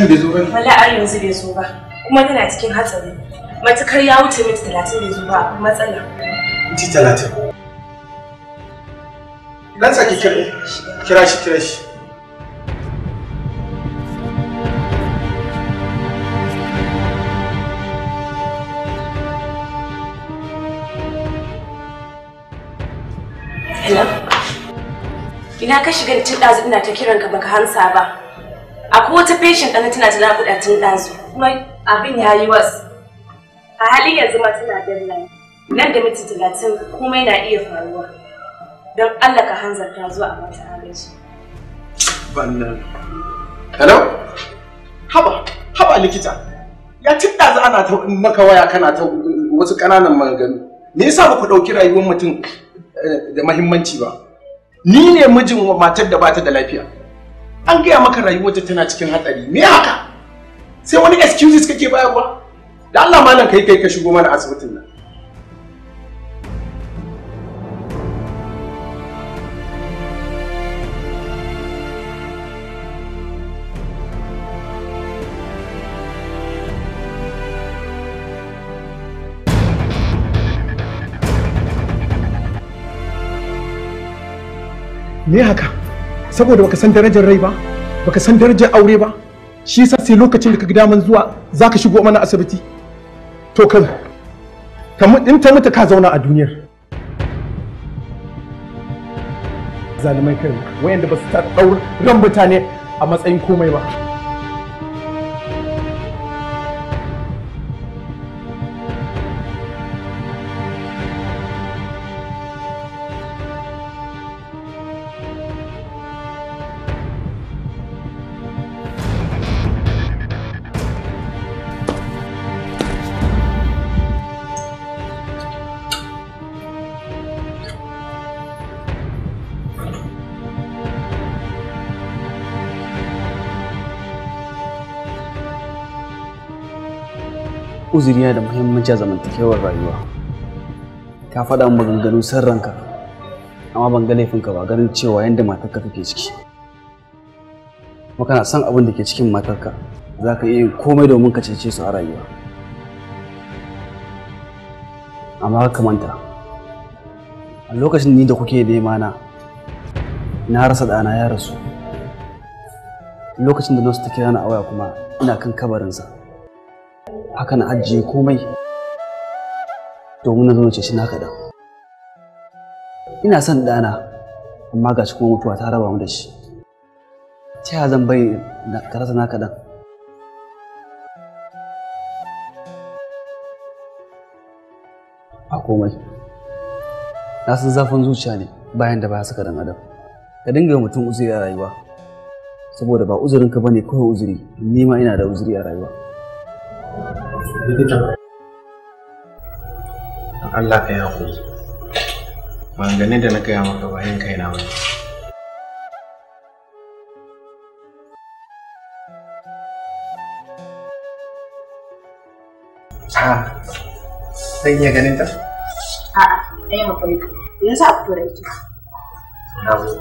likitan bai zo ba ne? Wala har yanzu bai zo ba. Kuma tana cikin hatsari. Matukar ya wuce minti talatin bai zo ba matsala. Minti talatin? Dan saki kira kira shi kira shi. Ina ka shiga cikin cin ɗazu ina ta kiranka baka hansa ba. akwai wata patient ɗana tana ta naƙuda tun ɗazu kuma abin ya yi was a halin yanzu ma tana deadline nan da minti talatin komai na iya faruwa don Allah ka hanzarta zuwa a mata agaji. Bannan. Hello? Haba, haba likita. Ya tinda ɗazu ana ta maka waya kana ta wasu kananan maganganu. Me yasa ba ku ɗauki rayuwar mutum eh, da mahimmanci ba? Ni ne mijin matar da bata da lafiya. an gaya maka rayuwarta tana cikin hatsari me haka sai wani excuses kake bayarwa da Allah malam kai kai ka shigo mana asibitin nan Me haka? saboda baka san darajar rai ba baka san darajar aure ba shi yasa sai lokacin da ka gida man zuwa zaka shigo mana asibiti to kan in ta mutu ka zauna a duniyar zalimai kai wayanda ba su ta daura ran mutane a matsayin komai ba uzuri yana da muhimmanci a zamantakewar rayuwa ka faɗa min maganganu san ranka amma ban ga laifinka ba ganin cewa yadda matarka take ciki kuma kana son abin da ke cikin matarka za ka iya yin komai domin ka cece su a rayuwa amma ka manta a lokacin ni da kuke nema na na rasa ɗana ya rasu lokacin da nasu ta kira na awaya kuma ina kan kabarinsa haka na ajiye komai domin na zo na ceci na ɗan ina son ɗana amma ga kuma mutuwa ta raba mu da shi ta zan bai ka rasa na kaɗan. a komai na san zafin zuciya ne bayan da baya saka dan adam ka dinga mutum uzuri a rayuwa saboda ba uzurin uzurinka ne kawai uzuri nima ma ina da uzuri a rayuwa likitan don Allah ka yi haƙuri maganganun da na gaya maka bayan kaina ba ha sai iya ganin ta? A'a, ɗaya haƙuri. Me yasa fito da ita? Na zo.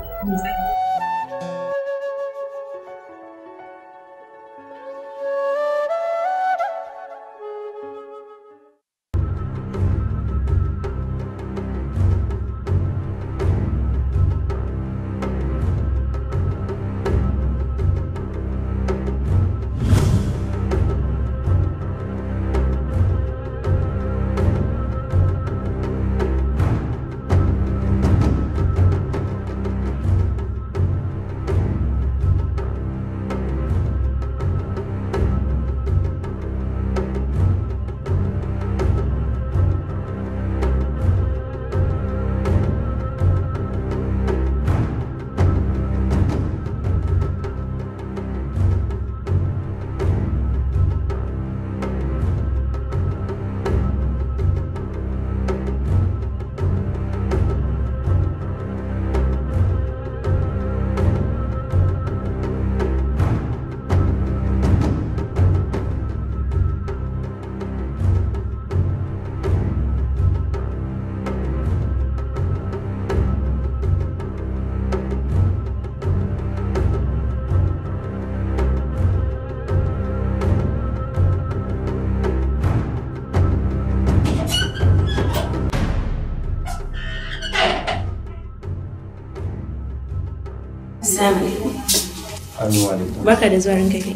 Baka da zuwa ranka kai.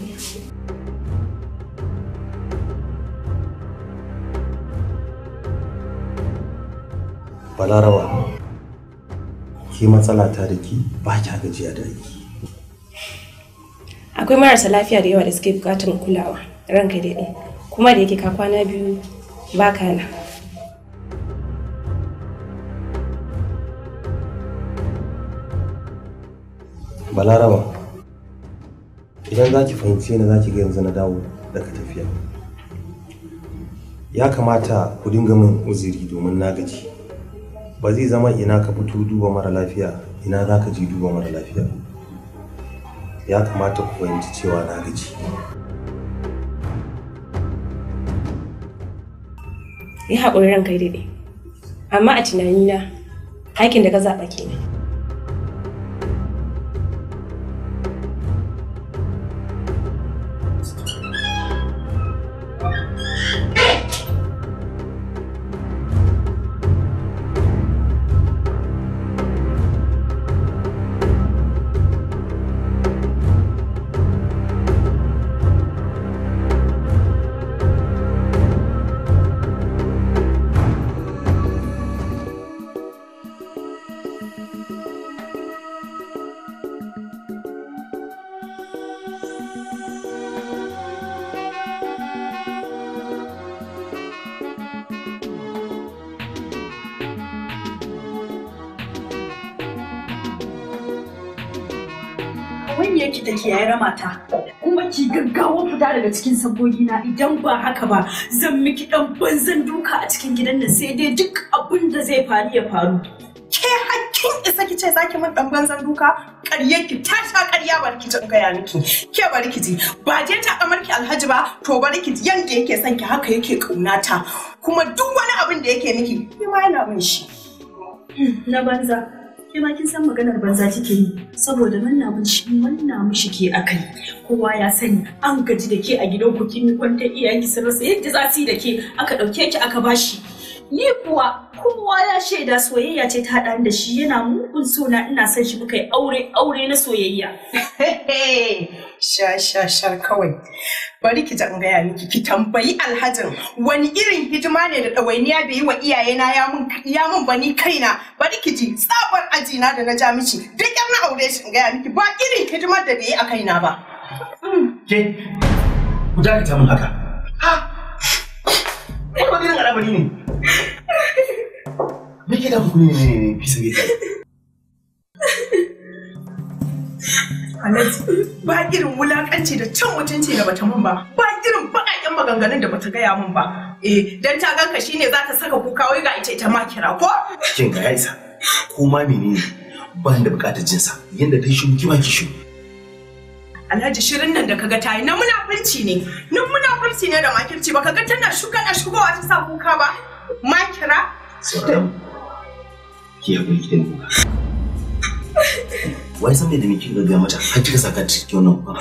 Balarawa, ke matsala ta da ki ba jiya gajiya da aiki. Akwai marasa lafiya da yawa da suke bukatan kulawa ranka daɗi kuma da yake ka kwana biyu ba kana. balarawa. idan za ki fahimce ni za ki ga yanzu na dawo daga tafiya ya kamata ku dinga min uziri domin na gaji ba zai zama ina ka fito duba mara lafiya ina za ka je duba mara lafiya ya kamata ku fahimci cewa na gaji yi haƙurin ranka daidai amma a tunanina aikin da ka zaɓa kenan wani ki da kiyaye ramata kuma ki gaggawa fita daga cikin sabogi na idan ba haka ba zan miki dan banzan duka a cikin gidan nan sai dai duk abin da zai faru ya faru ke hakkin isa ki ce zaki min dan banzan duka ƙaryar ki ta sha ƙarya ba ki jin gaya miki ke ba ki ji ba je ta kamar ki alhaji ba to ba ki ji yanda yake son ki haka yake kaunata kuma duk wani abin da yake miki ni yana min shi na banza kai ma kin san maganar banza kike yi saboda manna mun manna shi ke akai kowa ya sani an gaji da ke a gidan ku kin kwanta iyayenki sun rasa yadda za su yi da ke aka dauke ki aka bashi ni kuwa kowa ya shaida soyayya ce ta haɗa da shi yana mugun na ina son shi muka yi aure aure na soyayya sha sha sha kawai bari ki jan gaya miki ki tambayi alhajin wani irin hidima ne da ɗawainiya bai yi wa iyayena ya mun ya mun bani kaina bari ki ji tsabar ajina da na ja miki duk yan na aure shi gaya miki ba irin hidimar da bai yi a kaina ba ke ku dakata mun haka ha ah! ai maganin al'amari ne Me ke da ne ne ne fi sabi da. ba irin wulakanci da cin mutunci da bata mun ba ba irin baƙaƙen maganganun da bata gaya mun ba eh dan ta ganka shine za ta saka kuka wai ga ita ita ma kira ko kin ga Aisha ko ma menene ba da bukatar sa, yanda ta shi ki ma ki shi Alhaji shirin nan da kaga ta yi na munafurci ne na munafurci ne da makirci ba ga tana shuka na shugowa ta sa kuka ba makira sauran ki ya kuyi gidan kuka wai san da muke ga mata har kika saka cikin wannan kuka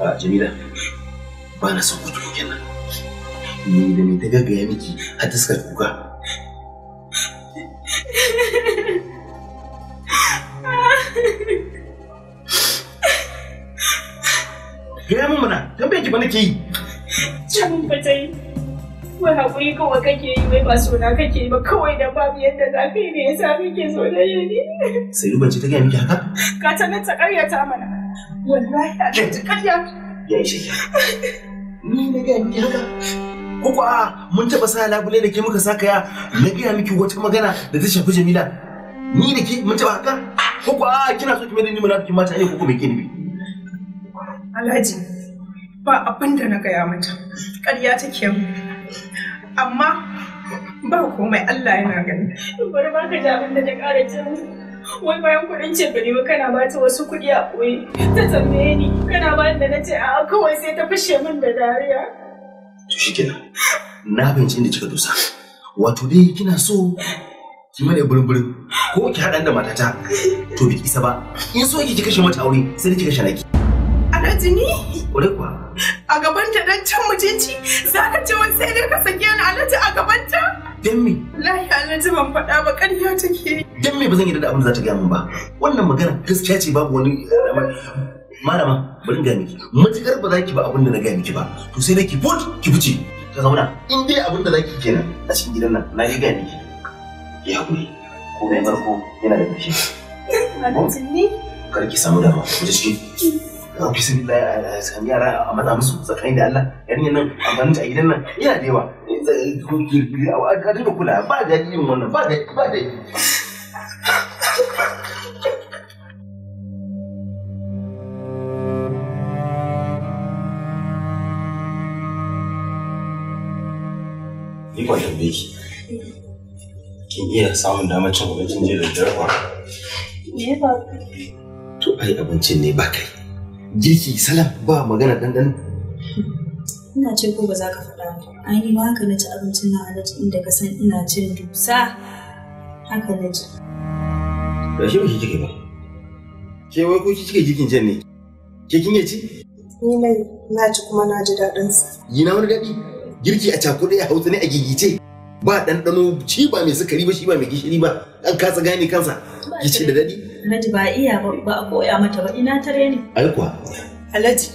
a ah, jamila ba na son kuka kenan ni da ni ta gaggaya miki har ta kuka Gaya mana, tambaye ki ba nake Can ba ta yi. Wai haƙuri kawai kake yi wai ba sona kake yi ba kawai da babu yadda za ka yi ne yasa kake so da yi ne. Sai Uban ce ta gaya miki haka? Ka ta nan ta ƙaryata mana. Wallahi ta ta karya? Ya ishe Ni na gaya miki haka. Ko ko a mun taɓa sa labule da ke muka sa kaya na gaya miki wata magana da ta shafi Jamila. Ni da ke mun taɓa haka? Ko ko a kina so ki mai da ni munafikin mata ne ko ko me ke ni? Alhaji. ba abin da na gaya mata ƙarya take amma ba komai Allah yana gani bari ba ka ji abin da ta ƙara jin wai bayan kuɗin cefane kana ba ta wasu kuɗi a ɓoye ta tambaye ni kana ba da na ce a'a kawai sai ta fashe min da dariya. To shi kenan na fahimci da kika dosa wato dai kina so ki mana burburin ko ki haɗan da matata to biki isa ba in so ki kashe mata aure sai da kashe naki jini ƙure kuwa a gaban ta dan can mutunci za ka ce wani sai dai ka saki ni alaji a gaban ta dan me lahi alaji ban faɗa ba ƙarya take dan me ba zan yi da abin da za ta gaya min ba wannan magana gaskiya ce babu wani eh, malama bari ga miki matukar ba za ki ba abin da na gaya miki ba to sai dai ki fot ki fice ka zauna in dai abin da za ki kenan a cikin gidan nan na yi gaya miki ya kuri ko mai marko yana da ƙarshe. Alhaji jini Kar ki samu dama, ku ji shi ka fi sabi yara a maza musu tsakani da Allah yarinyar nan amfanin ta a gidan nan yana da yawa eh, eh, a dinga kula ba da yin wannan ba da ba da Ni ban tambaye ki. Kin iya samun damar cin abincin jiya da dare ba? Me ba? To ai abincin ne ba kai. girki salam ba magana ɗanɗano. Ina ce ko ba za ka faɗa ba. An yi haka na ci abincin na alaji inda ka san ina cin dusa. Haka na ji. Da shi ba shi kike ba. Ke wai ko ki kike jikin can ne? Ke kin ci? Ni mai na ci kuma na ji daɗin sa. Yi na wani daɗi? Girki a cakuɗe a hausa ne a gigice. Ba ɗanɗano ci ba mai sukari ba shi ba mai gishiri ba. An kasa gane kansa. Ki ce da daɗi? Alhaji ba iya ba a koya mata ba ina tare ne. Ai Alhaji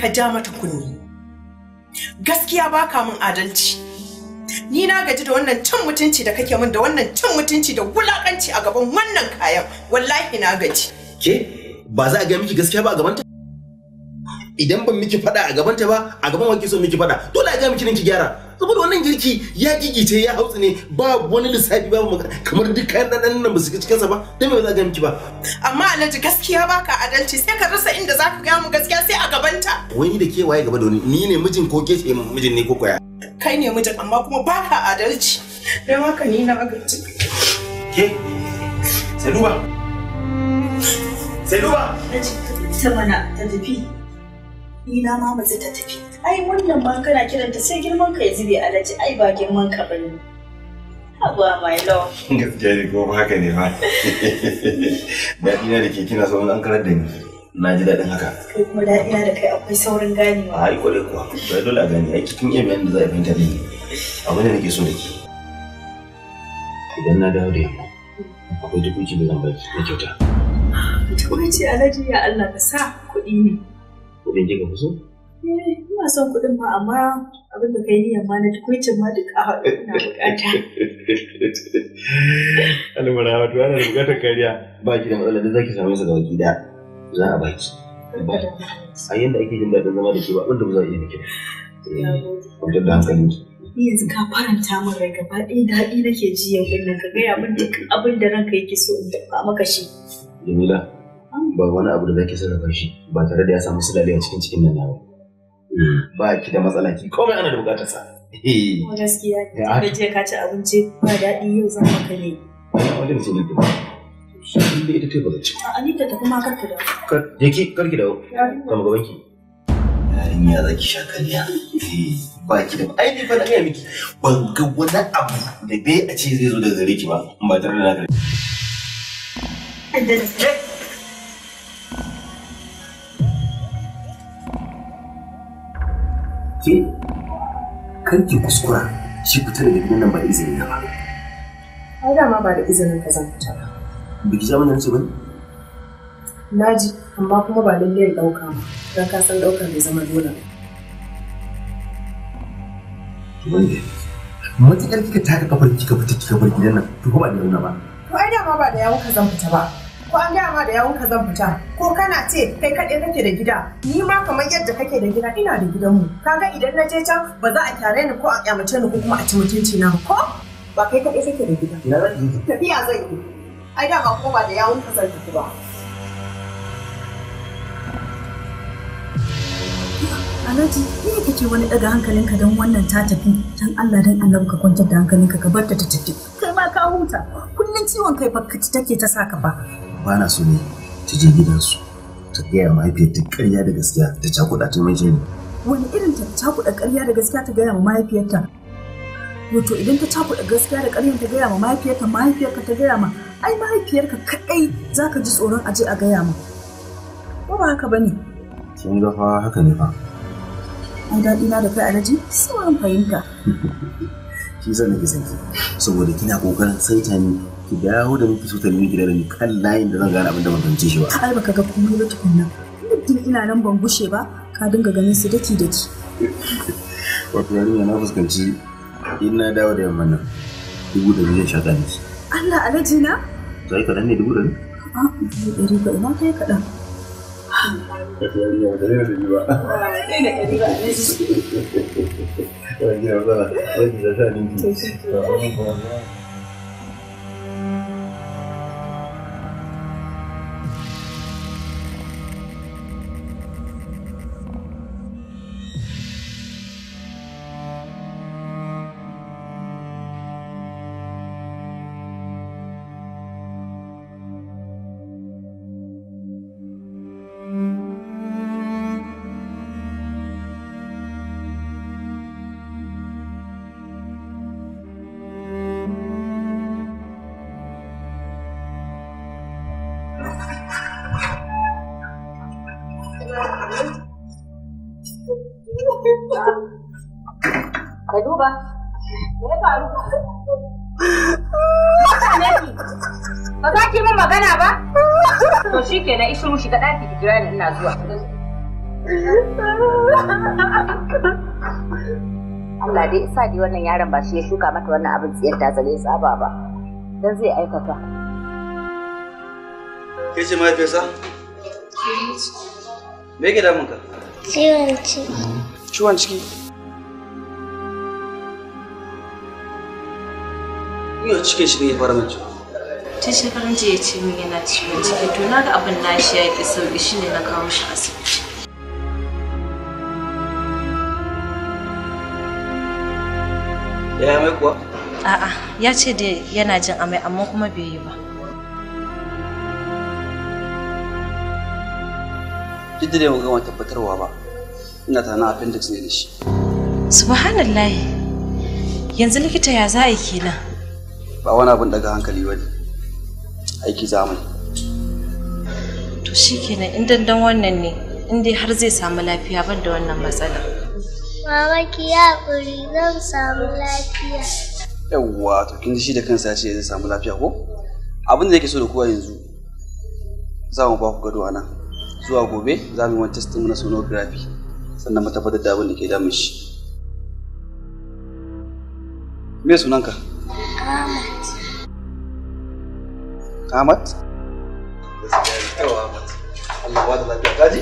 ka ja mata kunni. Gaskiya ba ka min adalci. Ni na gaji da wannan cin mutunci da kake min da wannan cin mutunci da wulakanci a gaban wannan kayan wallahi na gaji. Ke ba za a ga miki gaskiya ba a gaban ta? idan ban miki fada a gabanta ba a gaban wanki so miki fada dole a ga miki ninki gyara saboda wannan girki ya gigice ya hautsu ne ba wani lissafi ba kamar duk kayan dan nan ba su ga cikinsa ba dan ba za ga miki ba amma Alhaji gaskiya baka adalci sai ka rasa inda zaka ga mu gaskiya sai a gabanta wani da ke waye gaba da wani ni ne mijin ko ke ce mijin ne ko koya kai ne mijin amma kuma baka adalci dan haka ni na gaji ke sai duba sai duba ta mana ta tafi ina ma mace ta tafi ai wannan ma kana kiranta sai girman ka ya zube a alaji ai ba girman ka bane Abuwa mai love. Gaskiya ne kuma haka ne ba. Daɗi ne da ke kina sauran an karar da ni. Na ji daɗin haka. Kai kuma da ina da kai akwai saurin ganewa. A yi kwarai kuwa. Bai dole a gani aiki cikin iya bayan da za a fahimta da ni. ne da nake so da ke. Idan na dawo da yamma. Akwai dubu ki da zan da na kyauta. Ta ce Alhaji ya Allah ka sa kuɗi ne. kuɗin kika fi so? Eh, ina son kuɗin ma amma abin da kai niyan ma na tukwicin ma duk a haɗu ina bukata. Almara tuwa na da buƙatar kariya. Ba ki da matsala da zaki same su ga baki da za a baki. A yanda ake jin daɗin zama da ke ba abin da ba za a iya miki. Kwantar da hankali. Ni yanzu ka faranta min rai gaba ɗaya daɗi nake ji yau ɗin nan ka gaya min duk abin da ranka yake so in dafa maka shi. Jamila. ba wani abu da zaki sarrafa shi ba tare da ya samu sulale a cikin cikin nan ba hmm. ba ki da matsala ki komai ana da bukatar sa eh. gaskiya da je ka ci abinci ba daɗi yau zan maka ne wani mutum ne ba da ita ta bazace a ni ta tafi ma karki da kar ki karki da kama gaban ki yarinya za ki sha kariya eh, ba ki da ai ni fa na iya miki ban ga wani abu da bai a ce zai zo daga gare ki ba ba tare da na gare ki Ke, kan ki kuskura shi fita daga gidan nan ba da izinin ba. Ai dama ba da izinin ka zan fita ba. Biki ja mana nace bane? Na ji, amma kuma ba lallai ya ɗauka ba, Dan ka san ɗaukar bai zama dole ba. Wanda, matuƙar kika taka kafar kika fita kika bar gidan nan, to ba da yauna ba. To ai dama ba da yawo ka zan fita ba. ko an gaya ma da ka zan fita ko kana ce kai kaɗai kake da gida ni ma kamar yadda kake da gida ina da gidanmu kaga idan na je can ba za a kyare ni ko a kyamace ni ko kuma a ci mutunci na ko ba kai kaɗai kake da gida tafiya zan yi ai da ba ko ba da ka zan fita ba Alhaji, ne kake wani daga hankalinka don wannan ta tafi? Dan Allah dan Allah ka kwantar da hankalinka ka bar ta ta tafi. Kai ma ka huta. Kullun ciwon kai fa take ta saka ba. ba na so ne ta je gidansu ta gaya mahaifiyarta ta karya da gaskiya ta cakuɗa ta mai jini. Wani irin ta cakuɗa karya da gaskiya ta gaya ma mahaifiyarta? Wato idan ta cakuɗa gaskiya da ƙarya ta gaya ma mahaifiyarta mahaifiyarka ta gaya ma ai mahaifiyarka kaɗai za ka ji tsoron aje a gaya ma. Ko ba haka ba ne? Kin ga fa haka ne fa. Ai daɗi na da kai alaji sauran fahimta. Shi zan ki sanki saboda kina ƙoƙarin saita ni ki dawo da muke so ta nemi gidan ni kan layin da zan gane abin da ban fahimce shi ba ai baka ga komai ba tukunna muddin ina nan ban gushe ba ka dinga ganin su daki daki wato yarinya na fuskanci in na dawo da yamma nan dubu da zai shaka ne Allah alaji na zai kaɗan ne dubu da ne a dubu ɗari riba ina kai ɗari jira ni ina zuwa Allah dai isa dai wannan yaron ba shi ya shuka mata wannan abin tsiyar ta zare tsaba ba dan zai aikata ke ce mahaifiyarsa? me yake damunka? ciwon ciki ciwon ciki yau cikin shi ne ya fara mace tun shekarun jiya ce min yana ciwon ciki to na ga abin nashi ya ƙi sauƙi shine na kawo shi asibiti ya mai kuwa a'a ya ce da yana jin amai amma kuma bai yi ba duk da mu gama tabbatarwa ba ina tana appendix ne da shi subhanallah yanzu likita ya za a yi kenan ba wani abin daga hankali ba ne. aiki zamani to kenan in dandan wannan ne in dai har zai samu lafiya ban da wannan matsala mama ki kuri zan samu lafiya yawwa to kin ji shi da kansa ce zai samu lafiya ko abin da yake so da kowa yanzu za mu ba ku gado a nan zuwa gobe za mu yi wani testing na sonography sannan mu tabbatar da abin da ke damun shi me sunanka Ahmad Ahmad? Gaskiya ne, yawa Ahmad. Allah ba da lafiya. Gaji?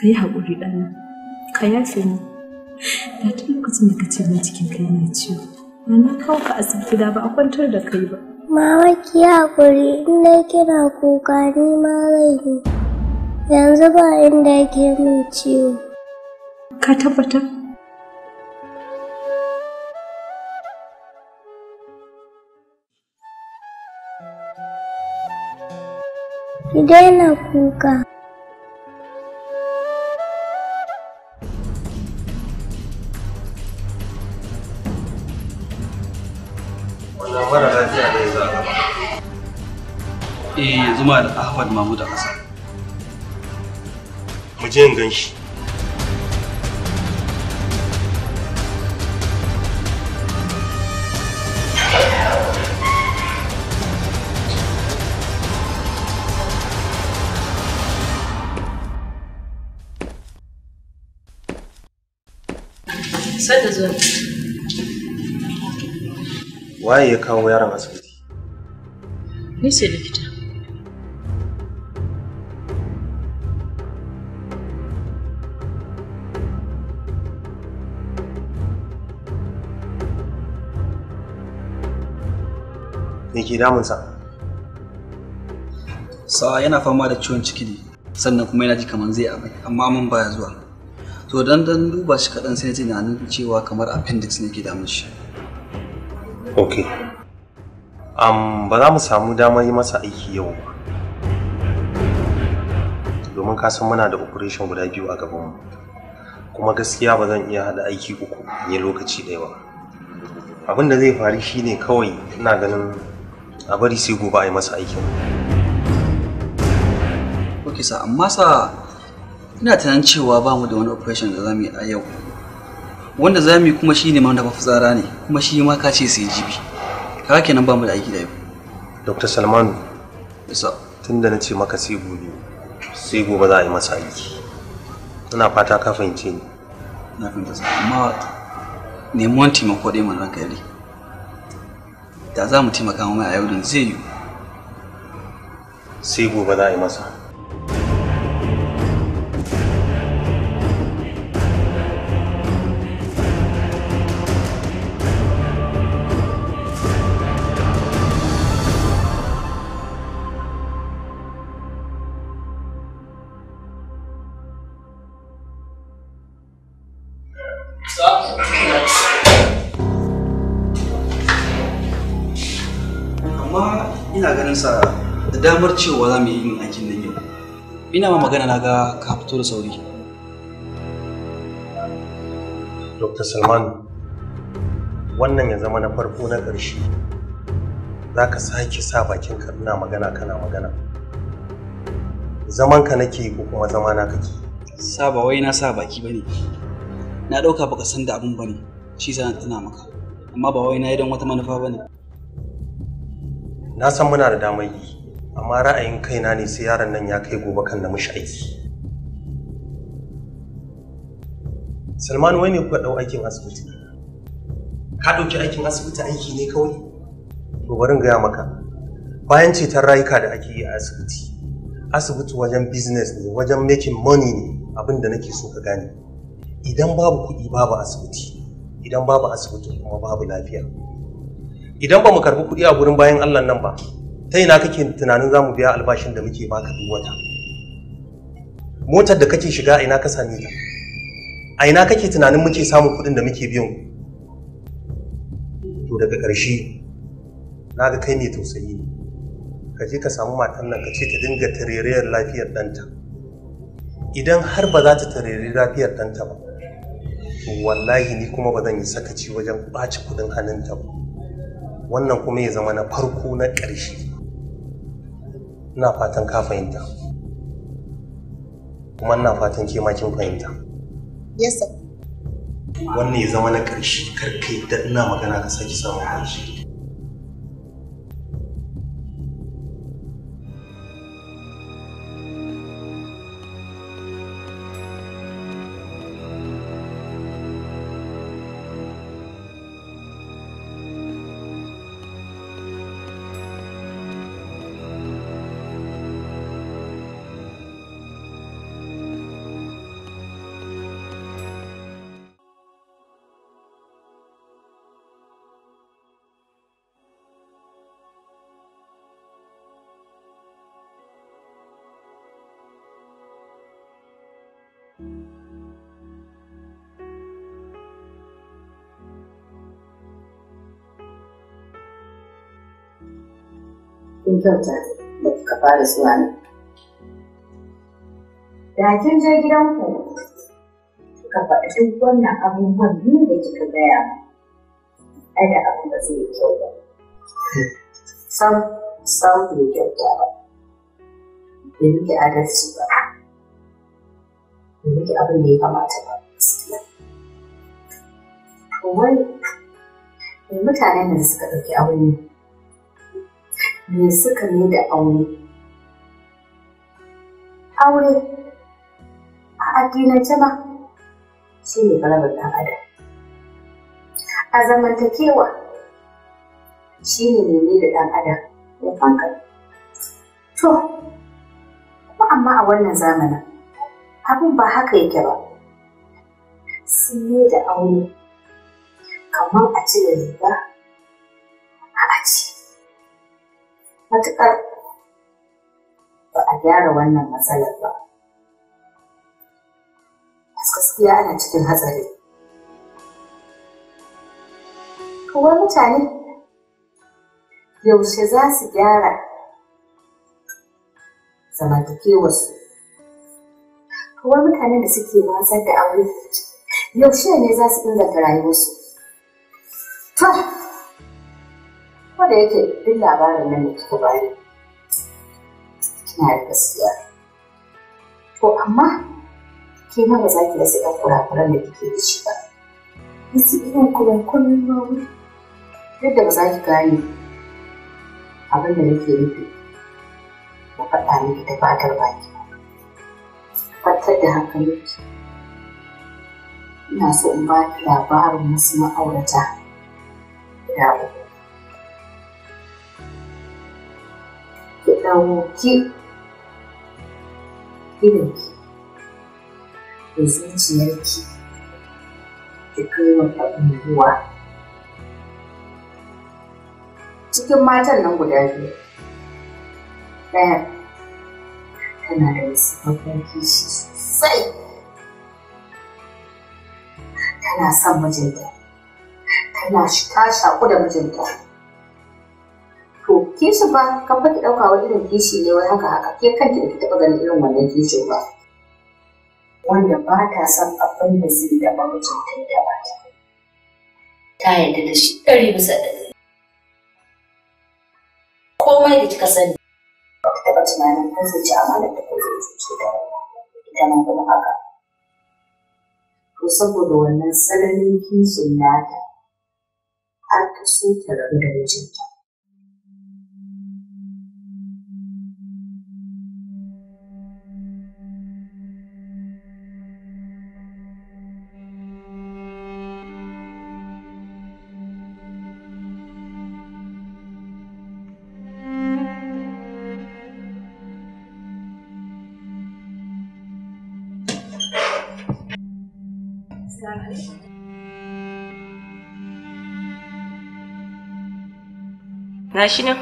ka yi haƙuri ɗana ka yafe ni da tun lokacin da ka ce min cikin kai mai ciwo ba na kawo ka asibiti da ba a kwantar da kai ba mama ki haƙuri in na kira kuka ni ma zai yi yanzu ba inda yake mai ciwo ka tabbatar ki daina kuka zuma da Ahmad Mahmud a ƙasa. Mu je in gan Sai da zuwa. Waye ya kawo yaron asibiti? Ni ce likita. Me ke damunsa? Sawa yana fama da ciwon ciki ne, sannan kuma yana ji kamar zai amai, amma ba baya zuwa. To dan dan duba shi kaɗan sai ji na cewa kamar appendix ne ke damun shi. Ok. Um, ba za mu samu damar yi masa aiki yau ba. Domin kasan muna da operation guda biyu a gaban mu Kuma gaskiya ba zan iya hada aiki uku ne lokaci ɗaya ba. abin da zai faru shine kawai ina ganin a bari sai gobe a yi masa aikin ok sa amma sa ina tunanin cewa ba mu da wani operation da za mu yi a yau wanda za mu yi kuma shi ne ma na fitsara ne kuma shi ma ka ce sai jibi kaga kenan ba mu da aiki da yau dr salmanu isa tunda na ce maka sai gobe sai gobe za a yi masa aiki ina fata ka fahimce ni na fahimta amma neman taimako dai mana ranka yare da za mu taimaka mai a yau da zai yi sai gobe za a yi masa ina ganin sa da damar cewa za mu yi yin aikin nan yau ina ma magana na ga ka fito da sauri dr salman wannan ya zama na farko na ƙarshe za ka sake sa bakin ka ina magana kana magana zaman ka nake ko kuma zama na kake sa ba wai na sa baki bane na ɗauka baka san da abun bane shi sa tana maka amma ba wai na yi don wata manufa bane na san muna da damar yi amma ra'ayin kaina ne sai yaron nan ya kai gobe kan na mishi aiki salman wai ne kuka dau aikin asibiti ka ɗauki aikin asibiti aiki ne kawai to bari gaya maka bayan ceton rayuka da ake yi a asibiti asibiti wajen business ne wajen making money ne abin da nake so ka gane idan babu kuɗi babu asibiti idan babu asibiti kuma babu lafiya idan ba mu karbi kuɗi a gurin bayan Allah nan ba ta ina kake tunanin za mu biya albashin da muke baka duk wata motar da kake shiga a ina ka same ta a ina kake tunanin muke samun kuɗin da muke biyan to daga ƙarshe na ga kai ne tausayi ne ka je ka samu matan nan ka ce ta dinga tarerayar lafiyar ɗanta idan har ba za ta tareri lafiyar ɗanta ba wallahi ni kuma ba zan yi sakaci wajen ɓaci kuɗin hannunta ba wannan kuma ya zama na farko na ƙarshe ina fatan ka fahimta kuma ina fatan ke makin kin fahimta yes sir wannan ya zama na ƙarshe kar yi da ina magana ka saki samun ƙarshe kin kyauta da kika fara zuwa ne. Da kin je gidanku kuka faɗi duk wannan abubuwan ne da kika gaya ai da abu ba zai kyau ba. Sam sam bai kyauta ba. da miki adalci ba. da miki abin da ya kamata ba. Wai mutanen da suka ɗauki abin aure me suka yi da aure. Aure a addinance ma shi ne farabar ɗan adam. A zamantakewa shi ne mene da ɗan adam ya fanka. To, kuma amma a wannan zamanin abin ba haka yake ba. Sun yi da aure kamar a cire riga matuƙar ba a gyara wannan matsalar ba. gaskiya ana cikin hatsari. Kawai mutane yaushe za su gyara zamantakewarsu. Kawai mutanen da suke wasa da aure yaushe ne za su inganta rayuwarsu. Tuh! da yake duk labarin nan da kika bani kina gaskiya to amma ke ma ba za ki rasa ɗan kurakuran da kike da shi ba wasu irin kurakuran nomi duk da ba za ki gane abin da nake nufi na faɗa miki da fatar baki fatar da hankalinki ina so in ba ki labarin wasu ma'aurata guda uku que irinki da zuciyarki da kai wata cikin matan na guda biyu tana da wasu mafarki sosai tana son tana da to kisu ba kan fa ki dauka wani irin kishi ne wai haka haka ke kanki da ki taba ganin irin wannan kishin ba wanda ba ta san abin da zai taba mijinta ya taba ta ta yadda da shi ɗari bisa ɗari komai da kika sani ba ta taba tunanin ko zai ci amana ta ko zai cuce da ita nan kuma haka to saboda wannan tsananin kishin nata har ta so ta rabu da mijinta Na shi ne.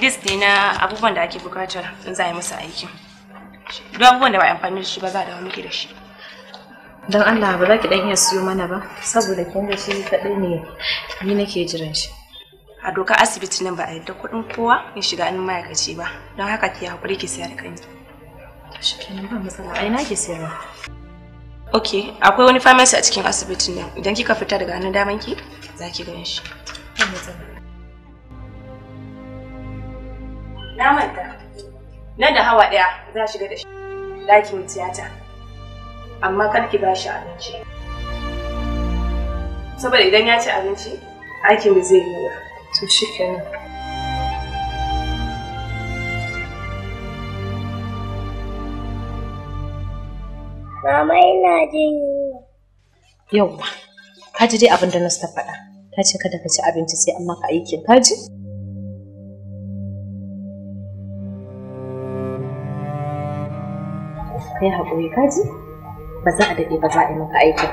List na abubuwan da ake bukatar in za a yi masa aiki Duk abubuwan da ba amfani da shi ba za a dawo miki da shi. Don Allah ba za ki dan iya siyo mana ba, saboda kin ga shi kaɗai ne ni nake jiran shi. A doka asibiti nan ba a yadda kuɗin kowa ya shiga hannun ma'aikaci ba, don haka ki haƙuri ki sayar kanki. Shi kenan ba matsala, ai na ki sayarwa. ok akwai wani pharmacy a cikin asibitin nan idan kika fita daga nan daman ki za ki gan shi na manta nan da hawa ɗaya za shiga da shi ɗakin tiyata amma kar ki ba shi abinci saboda idan ya ci abinci aikin da zai yi to shi kenan Mama ina jin yunwa. Yauwa, ka ji dai abin da Nas ta faɗa. Ta ce kada ka ci abinci sai an maka aikin, ka ji? Kai haƙuri, ka ji? Ba za a daɗe ba za a yi maka aikin.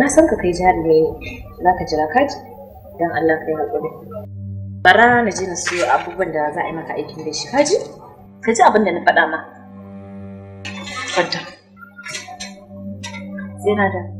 Na san ka kai jarumi ne, za ka jira ka ji? Don Allah kai haƙuri. Bara na je na siyo abubuwan da za a yi maka aikin da shi, ka ji? Ka ji abin da na faɗa ma. Kwanta. 接着。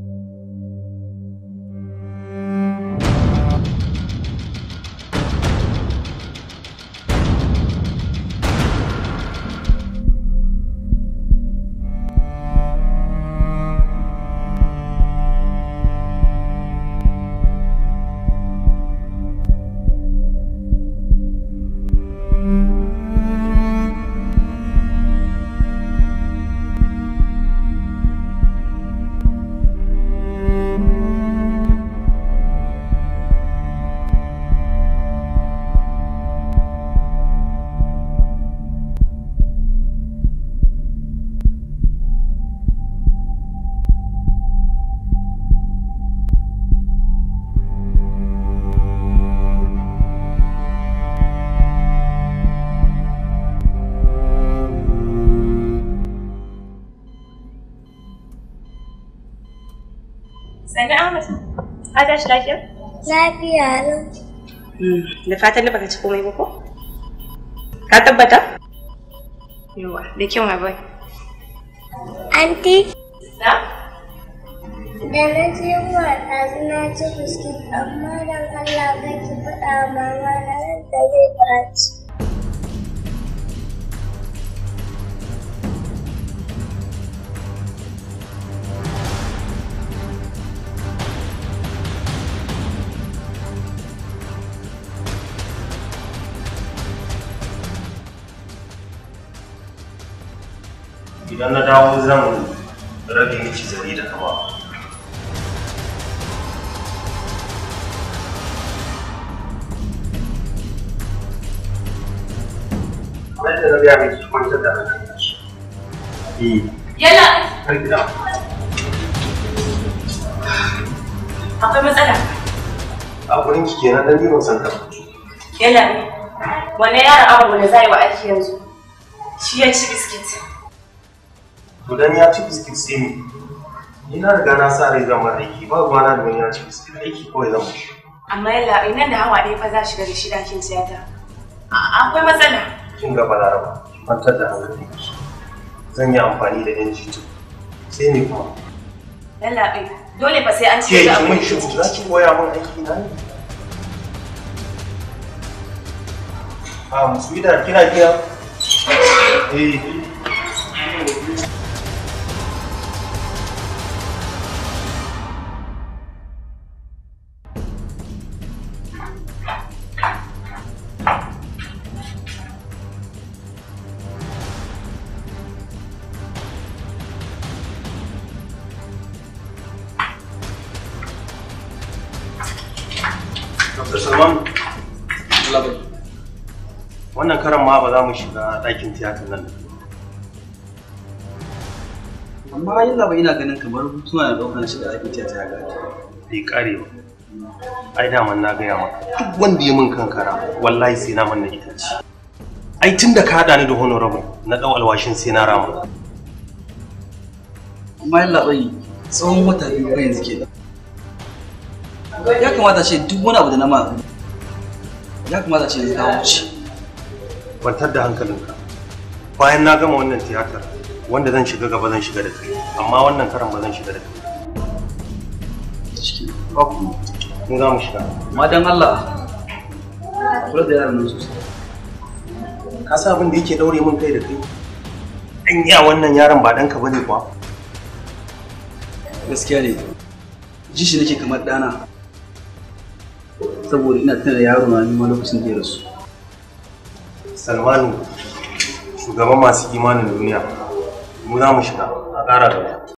tashi lafiya? Lafiya hmm, Da fatan da baka ci komai ba ko? Ka tabbata? Yawa, da kyau ma bai. Anti? Na? Da na je wa ɗazu na ci biskit amma don Allah ba ki faɗa mama na da zai ci. idan na dawo zan rage miki zari da kawa. kamar da na gaya miki kwantar da hankali eh yana har gida akwai matsala a gurin ki kenan dan jirin san kan yana ne wannan yaron abu da zai wa aiki yanzu shi ya ci biskit to dan ya ci biskit sai ni na riga na sa rai zan aiki ba ruwa na domin ya ci biskit aiki kawai zama shi. amma yalla nan da hawa ɗaya fa za shiga da shi ɗakin tiyata akwai matsala kin ga balaraba ki kwantar da hankali zan yi amfani da yan jitu sai ne kuma yalla dole fa sai an ci da abin shi za ki koya min aiki na ne Um, sweetheart, can I hear? Hey. za mu shiga ɗakin tiyatar nan da amma yin ba ina ganin kamar suna da ɗaukar shiga ake tiyatar ta gaji bai ƙare ba ai daman na gaya maka duk wanda ya min kankara wallahi sai na manna ce ai tun da ka haɗa ni da honorable na ɗau alwashin sai na rama amma yin labai tsawon wata biyu ba yanzu ke ya kamata ce duk wani abu da na ma ya kamata ce ya ka ci. kwantar da hankalinka bayan na gama wannan tiyatar wanda zan shiga gaba zan shiga da kai amma wannan karan ba zan shiga da kai mu za mu shiga Amma don Allah kula da yaran nan sosai ka sa abin da yake daure min kai da kai an ya wannan yaron ba ɗanka ba ne kuwa gaskiya ne ji shi nake kamar ɗana. saboda ina tana yaro na nima lokacin da ya rasu salmanu shugaban masu imanin duniya mu za mu shiga a ƙara gaba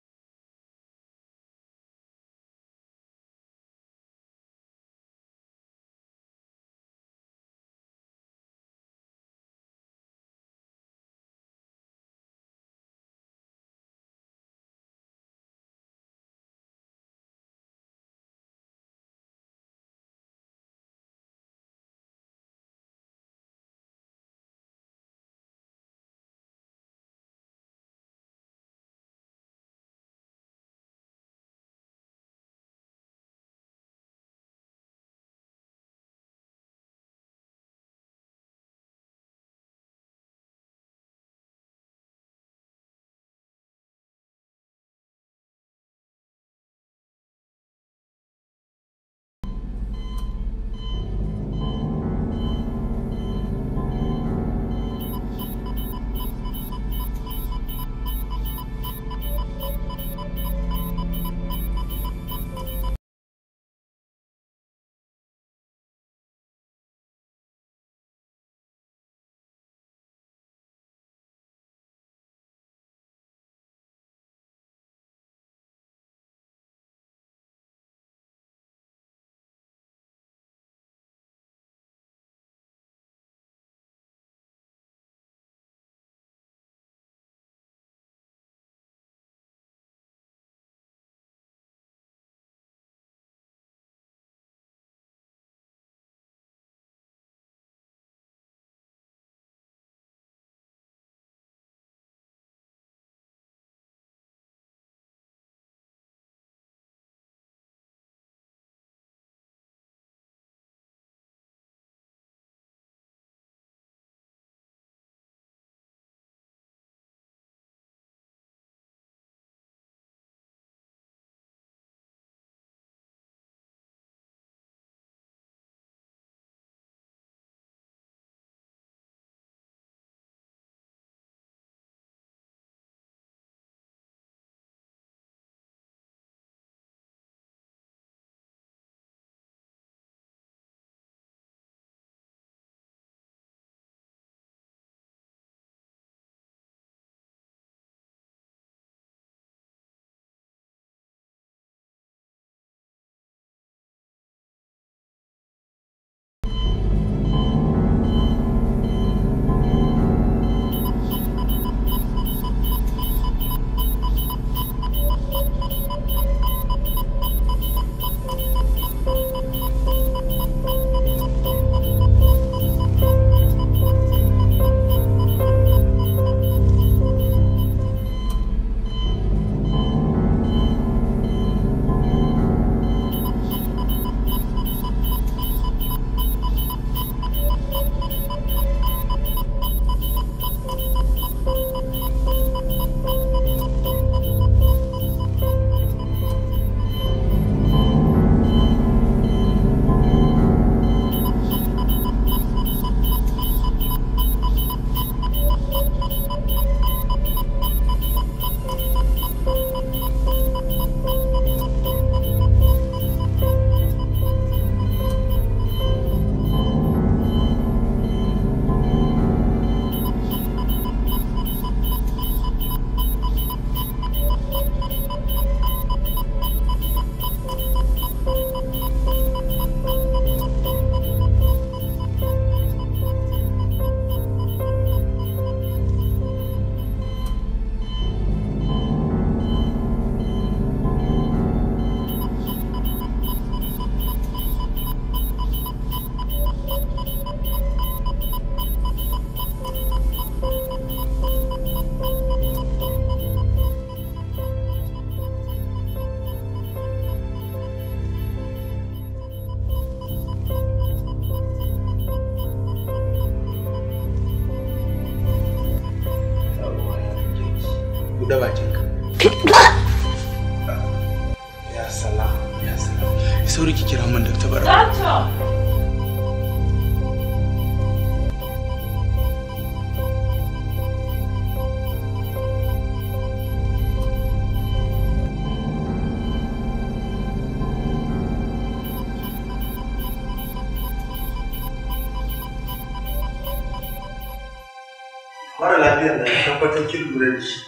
kin lura da shi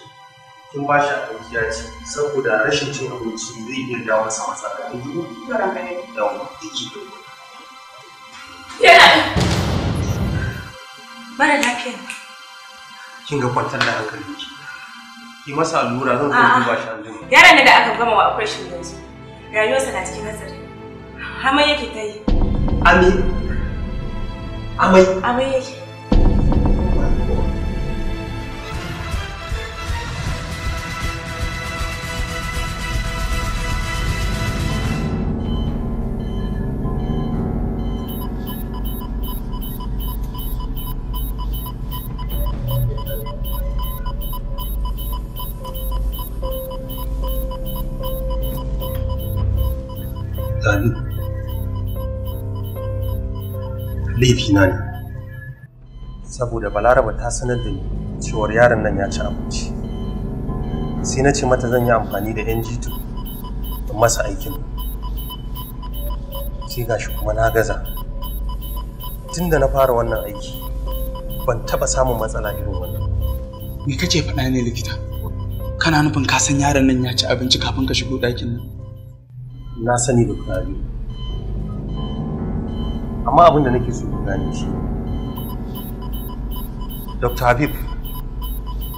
kin ba shi abinci ya ci saboda rashin cin abinci zai iya jawo masa matsala da yi yawan jiki da Mara lafiya. Kin ga kwantar da hankali ki. Ki masa allura zan kuma duba shi anjima Yaran da aka gama wa operation yanzu rayuwarsa na cikin hatsari. Amai yake ta yi. Amai? Amai? Amai yake. gani kuɗi na ne saboda balaraba ta sanar da ni cewar yaron nan ya ci abinci sai na ce mata zan yi amfani da ng2 don masa aikin sai gashi kuma na gaza tun da na fara wannan aiki ban taba samun matsala irin wannan me kace faɗa ne likita kana nufin ka san yaron nan ya ci abinci kafin ka shigo ɗakin nan na sani da biyu. amma abin da nake so ku gane shi dr habib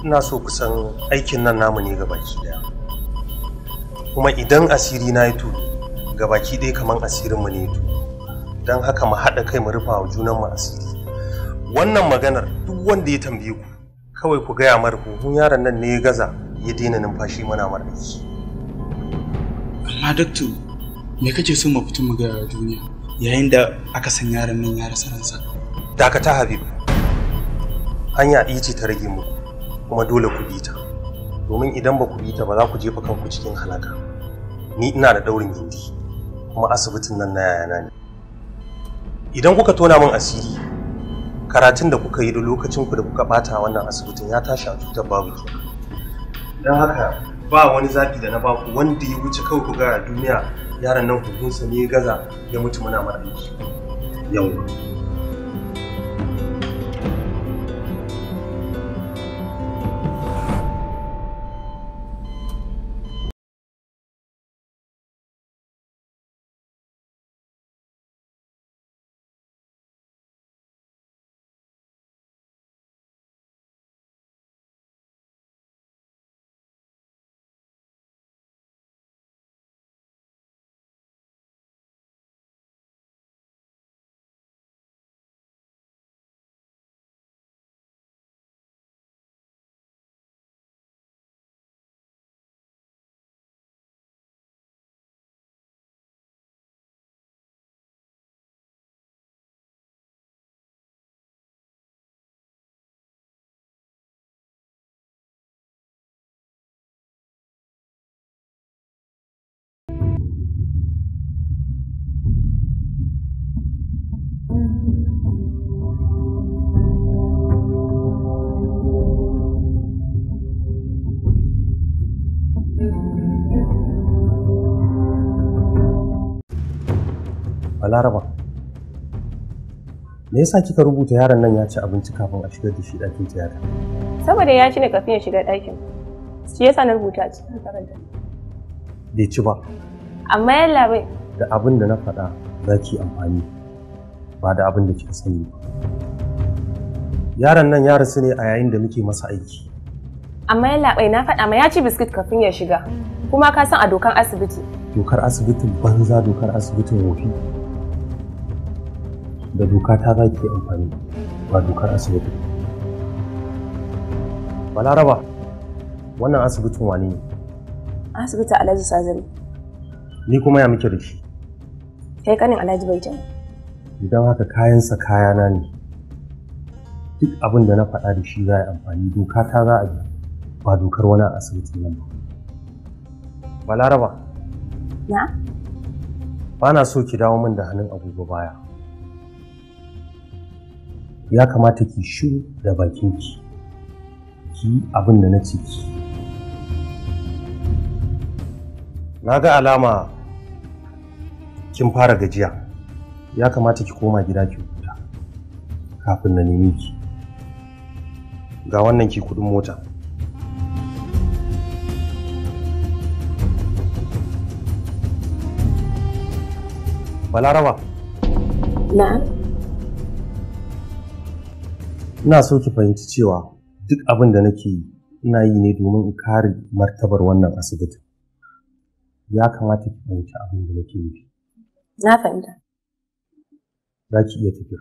ina so kusan aikin nan namu ne gabaki daya kuma idan asiri na ya tuni gabaki ɗaya kamar asirinmu ne to don haka mu haɗa kai mu rufa wa junanmu asiri wannan maganar duk wanda ya tambaye ku kawai ku gaya mara huhun yaron nan ne ya gaza ya daina numfashi mana mara amma doctor me kake son mu ga duniya yayin da aka san yaran nan ya rasa ransa dakata habib hanya ce ta rage mu kuma dole ku bi ta domin idan ba ku bi ta ba za ku jefa kanku cikin halaka ni ina da daurin gindi kuma asibitin nan na yayana ne idan kuka tona min asiri karatun da kuka yi da lokacin ku da kuka bata wannan asibitin ya tashi a cutar babu kenan don haka ba wani zafi da na baku wanda ya wuce kawai ku ga duniya yaran nan hukunsa ne gaza ya mutu muna mara yau laraba me yasa kika rubuta yaron nan ya ci abinci kafin a shigar da shi ɗakin tiyata saboda ya ci ne kafin ya shiga ɗakin shi yasa na rubuta a cikin karanta bai ci ba amma yalla bai da abin da na faɗa za ki amfani ba da abin da kika sani ba yaron nan ya rasu ne a yayin da muke masa aiki amma yalla bai na faɗa ma ya ci biskit kafin ya shiga kuma ka san a dokar asibiti dokar asibitin banza dokar asibitin wofi da doka ta za ki amfani ba dokar asibiti balaraba wannan asibitin wani ne asibiti alhaji sazari ni kuma ya muke da shi kai kanin alhaji bai idan haka kayansa kayana ne duk abin da na faɗa da shi za a yi amfani doka ta za a bi ba dokar wani asibitin nan ba balaraba na ba na so ki dawo min da hannun abubuwa baya ya kamata ki shiru da bakinki ki abin da na ce ki na ga alama kin fara gajiya ya kamata ki koma gida ki huta kafin na nemi ki ga wannan ki kudin mota balaraba na'am ina so ki fahimci cewa duk abin da nake yi ina yi ne domin in kare martabar wannan asibitin ya kamata ki fahimci abin da nake yi na fahimta za ki iya tafiya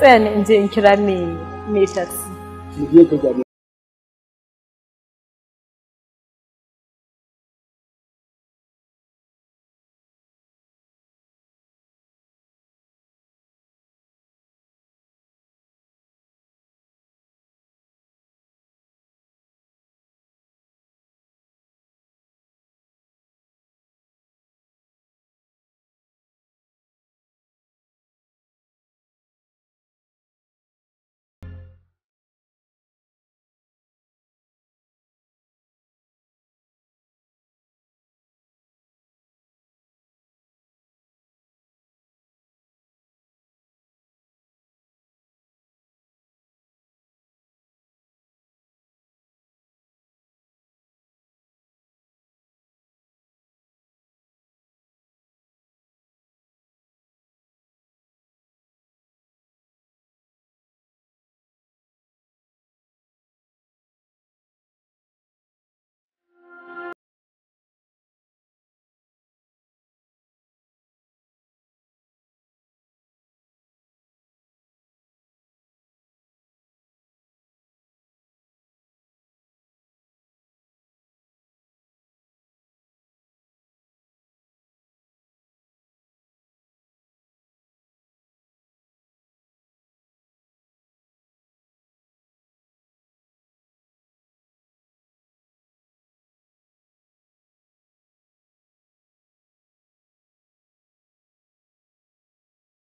tsaya ne in je in kira mai mai taxi.